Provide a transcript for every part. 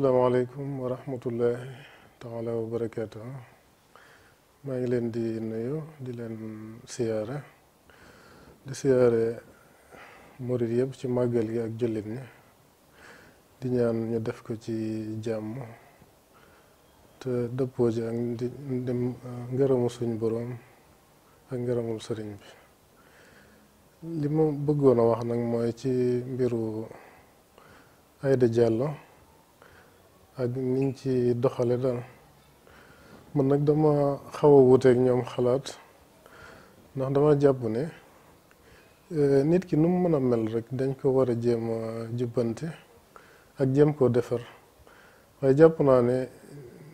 asalaamaaleykum wa rahmatullahi taala wa maa ngi leen di nuyu di leen siyaare di siyaare murit yëpp ci màggal yi ak jullit ñi di ñaan ñu def ko ci jàmm te dëppoo ji ak di suñ boroom ak ngërëmul sëriñ bi li ma bëggoon wax nag mooy ci mbiru Aida Diallo ak niñ ci doxale daal man nag dama xaw a wuuteeg ñoom xalaat ndax dama jàpp ne eh, nit ki nu mu mën a mel rek dañ ko war a jéem a jubbante ak jéem koo defar waaye jàpp naa ne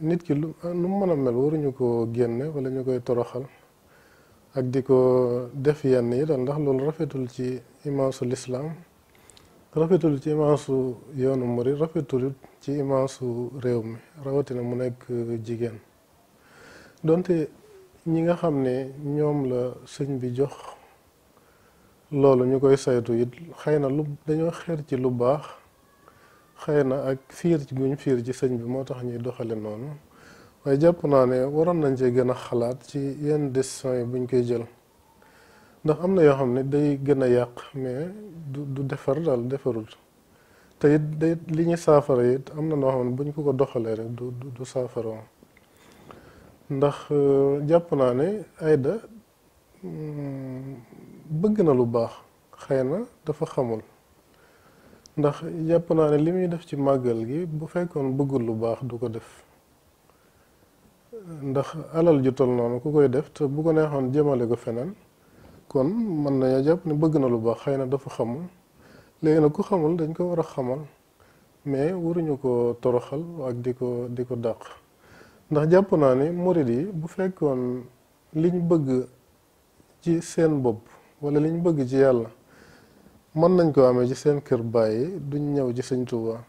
nit ki lu ah, nu mu mën a mel waruñu ko génne wala ñu koy toroxal ak di ko def yenn yi daal ndax loolu rafetul ci imaasu lislaam rafetul ci image su yoonu murid rafetul ci image su réew mi rawatina mu nekk jigéen donte ñi nga xam ne ñoom la sëñ bi jox loolu ñu koy saytu it xëy na lu dañoo xeer ci lu baax xëy na ak fiir guñ fiir ci sëñ bi moo tax ñuy doxale noonu waaye jàpp naa ne waroon nañ cee gën a xalaat ci yenn décision yi buñ koy jël ndax am na yoo xam ne day gën a yàq mais du du defar daal defarul te it day li ñu saafara it am na noo xam ne bu ñu ko ko doxalee rek du du saafara ndax euh, jàpp naa ne Aida hmm, bëgg na lu baax xëy na dafa xamul ndax jàpp naa ne li muy def ci màggal gi bu fekkoon bëggul lu baax du ko def ndax alal ju noonu ku koy def te bu ko neexoon jëmale ko feneen kon mën nañoo jàpp ne bëgg na lu baax xëy na dafa xamul léegi nag ku xamul dañ ko war a xamal mais waruñu ko toroxal ak di ko di ko dàq ndax jàpp naa ne murid yi bu fekkoon liñ bëgg ci seen bopp wala liñ bëgg ci yàlla mën nañ koo amee ci seen kër bàyyi duñ ñëw ci Sëñ Tuubaa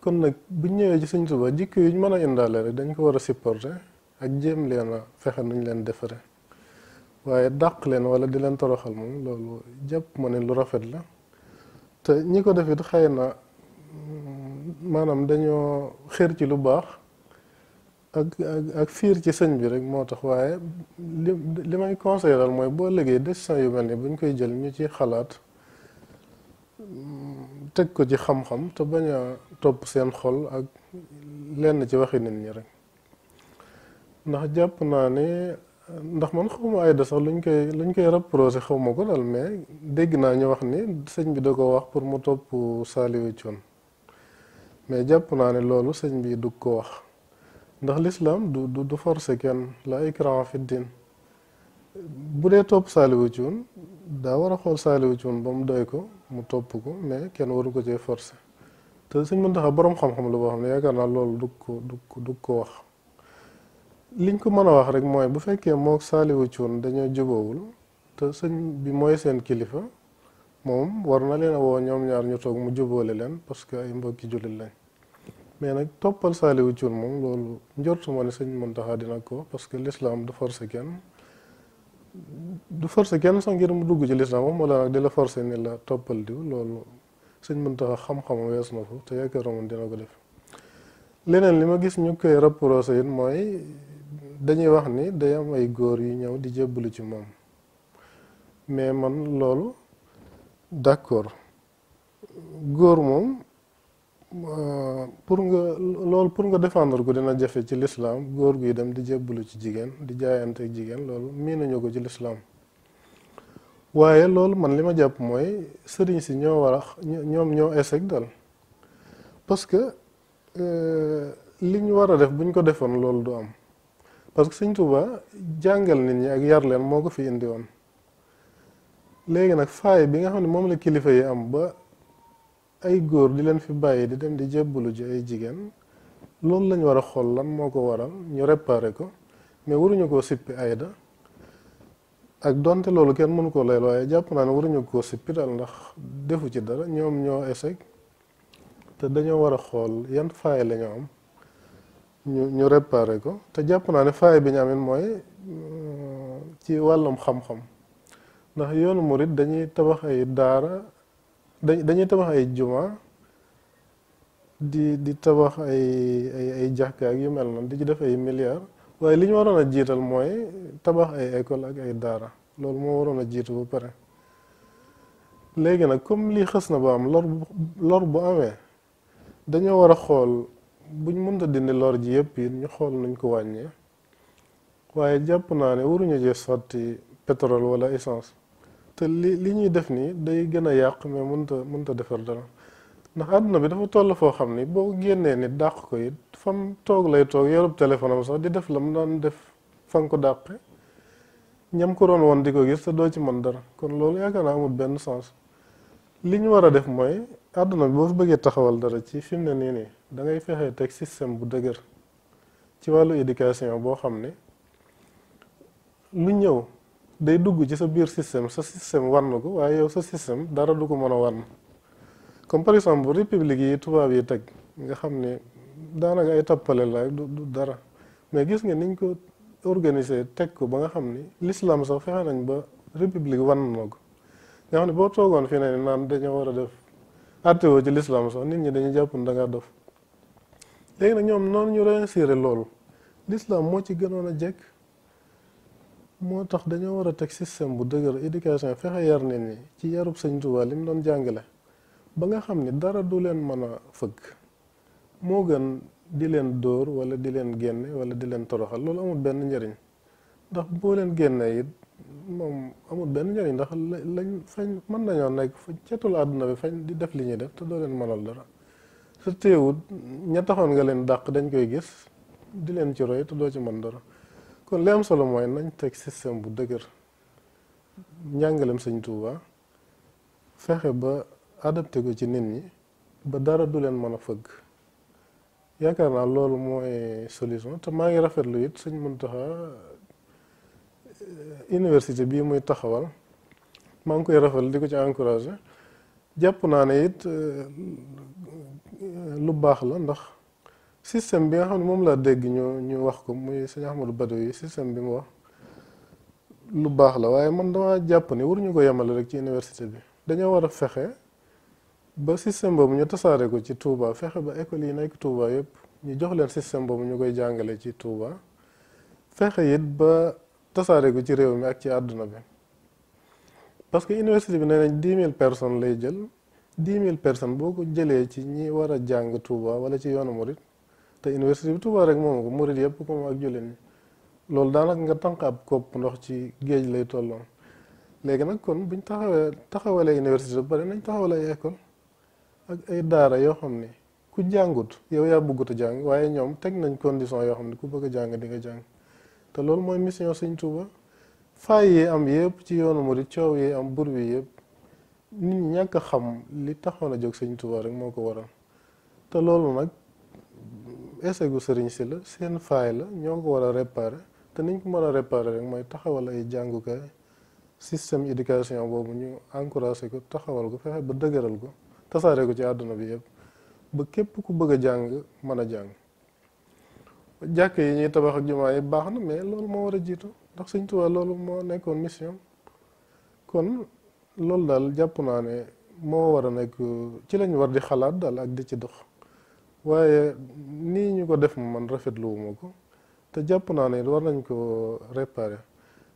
kon nag buñ ñëwee ci Sëñ Tuubaa jikko yuñ mën a indaale rek dañ ko war a supporter ak jéem leen a fexe nuñ leen defare waaye dàq leen wala di leen toroxal moom loolu jàpp ma ne lu rafet la te ñi ko def it xëy na mm, maanaam dañoo xër ci lu baax ak ak fiir ci sëñ bi rek moo tax waaye li may conseillé mooy boo liggéey décision yu mel ni bu ñu koy jël ñu ci xalaat mm, teg ko ci xam-xam te bañ topp seen xol ak lenn ci waxi nit ñi rek ndax jàpp naa ni ndax man xawma ay da sax luñ koy luñ koy reproché ma ko daal mais dégg naa ñu wax ni sëñ bi da ko wax pour mu topp Saliou Thioune mais jàpp naa ne loolu sëñ bi dugg ko wax ndax lislaam du du du forcé kenn la ikraha fi din bu dee topp Saliou Thioune daa war a xool Saliou Thioune ba mu doy ko mu topp ko mais kenn waru ko cee force te sëñ Muntaxa boroom xam-xam la boo xam ne yaakaar naa loolu du ko du ko du ko wax liñ ko mën a wax rek mooy bu fekkee moo Saliou Thioune dañoo jubóowul te sëñ bi mooy seen kilifa moom war na leen woo ñoom ñaar ñu toog mu jubóole leen parce que ay mbokki jullit lañ mais nag toppal Saliou Thioune moom loolu njortuma ne sëñ Mountakha dina ko parce que l'islam du forcer kenn du forcer kenn sax ngir mu dugg ci l'islam moom wala nag di la forcer ni la toppal diw loolu sëñ Mountakha xam-xamu wees na ko te yaakaaroon dina ko def leneen li ma gis ñu koy rapproché it mooy dañuy wax ni day am ay góor yu ñëw di jébbalu ci moom mais man loolu d'accord góor moom euh, pour nga loolu pour nga défendre ko dina jafe ci lislaam góor guy dem di jébbalu ci jigéen di jaayante ak jigéen loolu mii nañu ko ci lislaam waaye loolu man li ma jàpp mooy sëriñ si ñoo war ñoom ñoo échec dal parce que euh, li ñu war a def bu ñu ko defoon loolu du am parce que sëñ Touba jàngal nit ñi ak yar leen moo ko fi indi woon léegi nag faay bi nga xam ne moom la kilifa yi am ba ay góor di leen fi bàyyi di dem di jébbalu ji ay jigéen loolu lañ war a xool lan moo ko waral ñu réparé ko mais waruñu koo sippi ayda ak donte loolu kenn mënu koo lay waaye jàpp naa ne waruñu koo sippi daal ndax defu ci dara ñoom ñoo échec te dañoo war a xool yan faay la am ñu repare ko te jàpp naa ne faay bi ñu amin mooy euh, ci wàllum xam-xam ndax yoonu murit dañuy tabax ay daara dañuy tabax ay juma di di tabax ay ay ay ak yu mel noonu di ci def ay milliards waaye li ñu waroon a jiital mooy tabax ay école ak ay daara loolu moo waroon a jiitu ba pare léegi nag comme lii xës na ba am lor lor bu amee dañoo war a xool buñ mënta dindi lor ji yëpp it ñu xool nuñ ko wàññee waaye jàpp naa ne waruñu jee sotti pétrole wala essence te li li ñuy def nii day gën a yàq mais mënta mënta defar dara ndax àdduna bi dafa toll foo xam ni boo génnee nit dàq ko it fam toog lay toog yorub téléphone am sax di def la mu daan def fa ko dàq ñam ko doon woon di ko gis te doo ci mën dara kon loolu yaakaar naa amul benn sens li ñu war a def mooy àdduna boo bëggee taxawal dara ci fi mu ne nii nii da ngay fexe teg système bu dëgër ci wàllu éducation boo xam ne lu ñëw day dugg ci sa biir système sa système wann ko waaye yow sa système dara du ko mën a wann comme par exemple république yi tubaab yi teg nga xam ne daanaka ay tappale la du dara mais gis nga niñ ko organiser teg ko ba nga xam ni l'islam sax fexe nañ ba république wann na ko nga xam ne boo toogoon fii ne naan dañoo war a def àtte woo ci lislaam sax nit ñi dañuy jàpp ne da ngaa dof léegi nag ñoom noonu ñu réussiré loolu lislaam moo ci gënoon a jekk moo tax dañoo war a teg système bu dëgër éducation fexe yar nit ñi ci yarub Sëñ Tuubaa li mu doon jàngale ba nga xam ni dara du leen mën a fëgg moo gën di leen dóor wala di leen génne wala di leen toroxal loolu amul benn njëriñ ndax boo leen génne it moom amul benn njëriñ ndax lañ fañ mën nañoo nekk fu cetul àdduna bi fañ di def li ñuy def te doo leen mënal dara sa téewut ña taxoon nga leen dàq dañ koy gis di leen ci roy te doo ci mën dara kon li am solo mooy nañ teg système bu dëgër njàngalem sëñ Tuuba fexe ba adapté ko ci nit ñi ba dara du leen mën a fëgg yaakaar naa loolu mooy solution te maa ngi rafetlu it sëñ Muntaxa université bii muy taxawal maa ngi koy rafetlu di ko ci encouragé jàpp naa ne it euh, lu baax la ndax système bi nga xam ne moom laa dégg ñu ñu wax ko muy sëñ Ahmadou Bado yi système bi mu wax lu baax la waaye man damaa jàpp ne ñu ko yemale rek ci université bi dañoo war a fexe ba système boobu ñu tasaare ko ci Touba fexe ba école yi nekk Touba yëpp ñu jox leen système boobu ñu koy jàngale ci Touba fexe it ba tasaare ko ci réew mi ak ci àdduna bi parce que université bi nee nañ dix mille personnes lay jël dix mille personnes boo ko jëlee ci ñi war a jàng Touba wala ci yoonu Mouride te université bi Touba rek moom ko Mouride yëpp ko moom ak jullit ñi loolu daanaka nga tànq ab kopp ndox ci géej lay tolloon léegi nag kon buñ taxawee taxawalee université ba pare nañ taxawale ay école ak ay daara yoo xam ne ku jàngut yow yaa bëggut a jàng waaye ñoom teg nañ condition yoo xam ne ku bëgg a jàng nga jàng. te loolu mooy mission sëñ Tuuba faay yi am yëpp ci yoonu murit coow yi am bur bi yëpp nit ñi ñàkk xam li taxoon a jóg sëñ Tuuba rek moo ko waral te loolu nag essai gu sëriñ si la seen faay la ñoo ko war a réparer te niñ ko mën a réparer rek mooy taxawal ay jàngukaay système éducation boobu ñu encouragé ko taxawal ko fexe ba dëgëral ko tasaaree ko ci àdduna bi yëpp ba képp ku bëgg a jàng mën a jàng jàkk yi ñuy tabax ak jumaa yi baax na mais loolu moo war a jiitu ndax Sëñ Tuubaa loolu moo nekkoon mission kon loolu daal jàpp naa ne moo war a nekk ci lañuy war di xalaat dal ak di ci dox waaye nii ñu ko def man rafetluwuma ko te jàpp naa ne war nañ ko réparer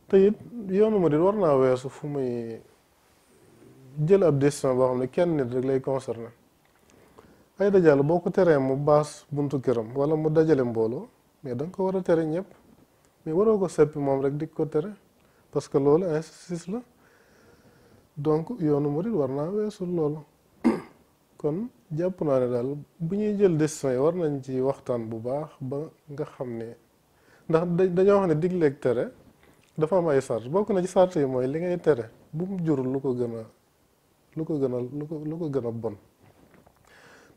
te it yoonu murid war naa weesu fu muy jël ab décision boo xam ne kenn nit rek lay concerné ay dajale boo ko teree mu baas buntu këram wala mu dajale mbooloo mais da ko war a tere ñëpp mais waroo ko seppi moom rek di ko tere parce que loolu injustice la donc yoonu murid war naa weesu loolu kon jàpp naa ne daal bu ñuy jël décision yi war nañ ci waxtaan bu baax ba nga xam ne ndax dañoo wax ne digleeg tere dafa am ay sart bokk na ci sart yi mooy li ngay tere bu mu jurul lu ko gën a lu ko gën a lu ko lu ko gën a bon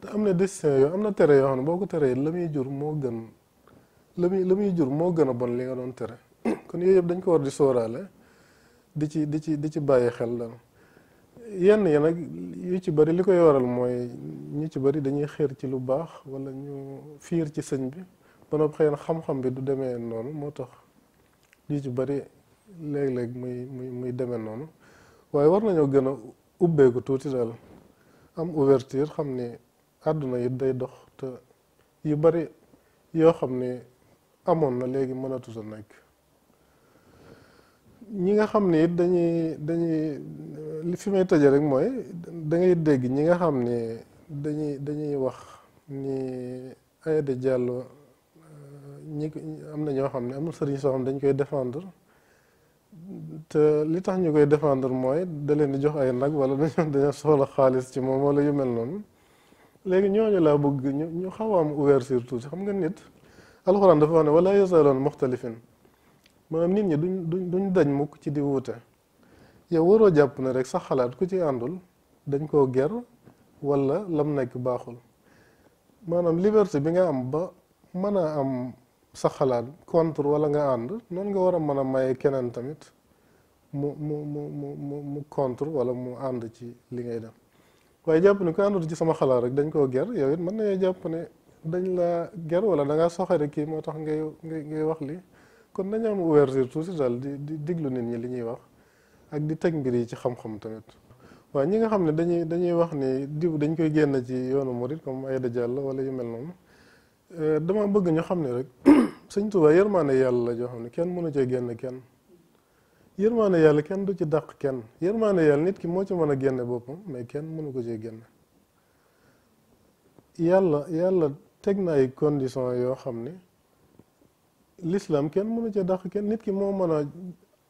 te am na destin am na tere yoo xam ne boo ko teree la muy jur moo gën la muy la muy jur moo gën a bon li nga doon tere kon yooyu yëpp dañ ko war di sóoraale di ci di ci di ci bàyyi xel daal yenn yi nag yu ci bari li koy waral mooy ñu ci bari dañuy xeer ci lu baax wala ñu fiir ci sëñ bi ba noppi xëy na xam-xam bi du demee noonu moo tax yu ci bari léeg-léeg muy muy muy demee noonu waaye war nañoo gën a ubbeeku tuuti daal am ouverture xam ni àdduna yit day dox te yu bari yoo xam ni amoon na léegi mënatu nag ñi nga xam ni it dañuy dañuy li fi may tëje rek mooy da dégg ñi nga xam ne dañuy dañuy wax ni Aida Diallo euh, ñi am na ñoo xam ne am na sëriñ soo xam dañ koy défendre te li tax ñu koy défendre mooy da leen di jox ay nag wala dañoo dañoo soxla xaalis ci moom wala yu mel noonu léegi ñooñu laa bëgg ñu ñu xaw a am ouverture tuuti xam nga nit alxuraan dafa wax ne wala yasaaloon muxtalifin maanaam nit ñi duñ duñ duñ dañ mukk ci di wute yow waroo jàpp ne rek sax xalaat ku ci àndul dañ koo ger walla lam nekk baaxul maanaam liberté bi nga am ba mën a am sa xalaat contre wala nga ànd noonu nga war a mën a maye keneen tamit mu mu mu mu mu mu contre wala mu ànd ci li ngay def waaye jàpp ne ko àndatu ci sama xalaat rek dañ koo ger yow it mën nañoo jàpp ne dañ la ger wala da ngaa soxare kii moo tax ngay ngay wax li kon nañu am ouverture tuuti daal di di diglu nit ñi li ñuy wax ak di teg mbir yi ci xam-xam tamit waaye ñi nga xam ne dañuy dañuy wax ni diw dañ koy génn ci yoonu murit comme Aïda Diallo wala yu mel noonu euh, dama bëgg ñu xam ne rek Sëñ Tuubaa yërmaane yàlla la joo xam ne kenn mënu cee génn kenn yërmaane yàlla kenn du ci daq kenn yërmaane yàlla nit ki moo ci mën a génne boppam mais kenn mënu ko cee génne yàlla yàlla teg na ay conditions yoo xam ni l'islam kenn mënu cee dàq kenn nit ki moo mën a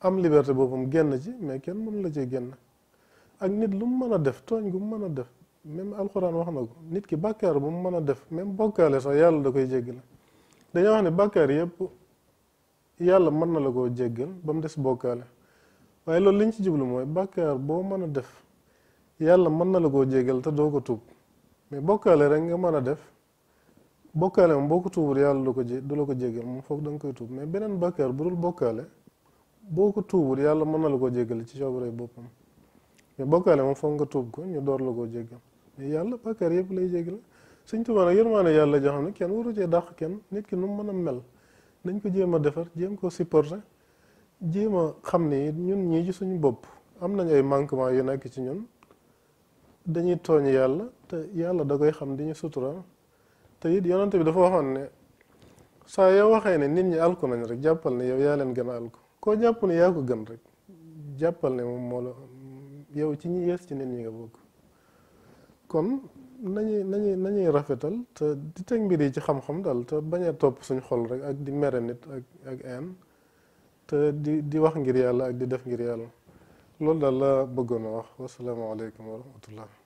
am liberté boppam génn ci mais kenn mënu la cee génn ak nit lu mu mën a def tooñ gu mu mën a def même alxuraan wax na ko nit ki bàkkaar bu mu mën a def même bokkaale sax yàlla da koy jéggal dañoo wax ne bàkkaar yëpp yàlla mën na la koo jéggal ba mu des bokkaale waaye loolu li ñu ci jublu mooy bàkkaar boo mën a def yàlla mën na la koo jégal te doo ko tuub mais bokkaale rek nga mën a def bokkaale moom boo ko tuubul yàlla du ko du la ko jégal moom foog da koy tuub mais beneen bàkkaar bu dul boo ko tuubul yàlla mën na la koo jégal ci coobare boppam mais bokkaale moom foog nga tuub ko ñu door la koo jégal yàlla bàkkaar yëpp lay jégal Sëñ yër ma yërmaane yàlla joo xam ne kenn waru cee dàq kenn nit ki nu mu mën a mel nañ ko jéem a defar jéem koo supporter jéem a xam ne ñun ñii ci suñu bopp am nañ ay manquement yu nekk ci ñun dañuy tooñ yàlla te yàlla da koy xam di ñu sutura te it yonante bi dafa waxoon ne saa yow waxee ne nit ñi alku nañ rek jàppal ne yow yaa leen gën koo jàpp ne yaa gën rek jàppal ne moom moo yow ci ñi yees ci nit ñi nga bokk kon nañuy nañuy nañuy rafetal te di teg mbir yi ci xam-xam daal te bañ a topp suñu xol rek ak di mere nit ak ak en te di di wax ngir yàlla ak di def ngir yàlla loolu daal la bëggoon a wax wasalaamaaleykum wa rahmatullah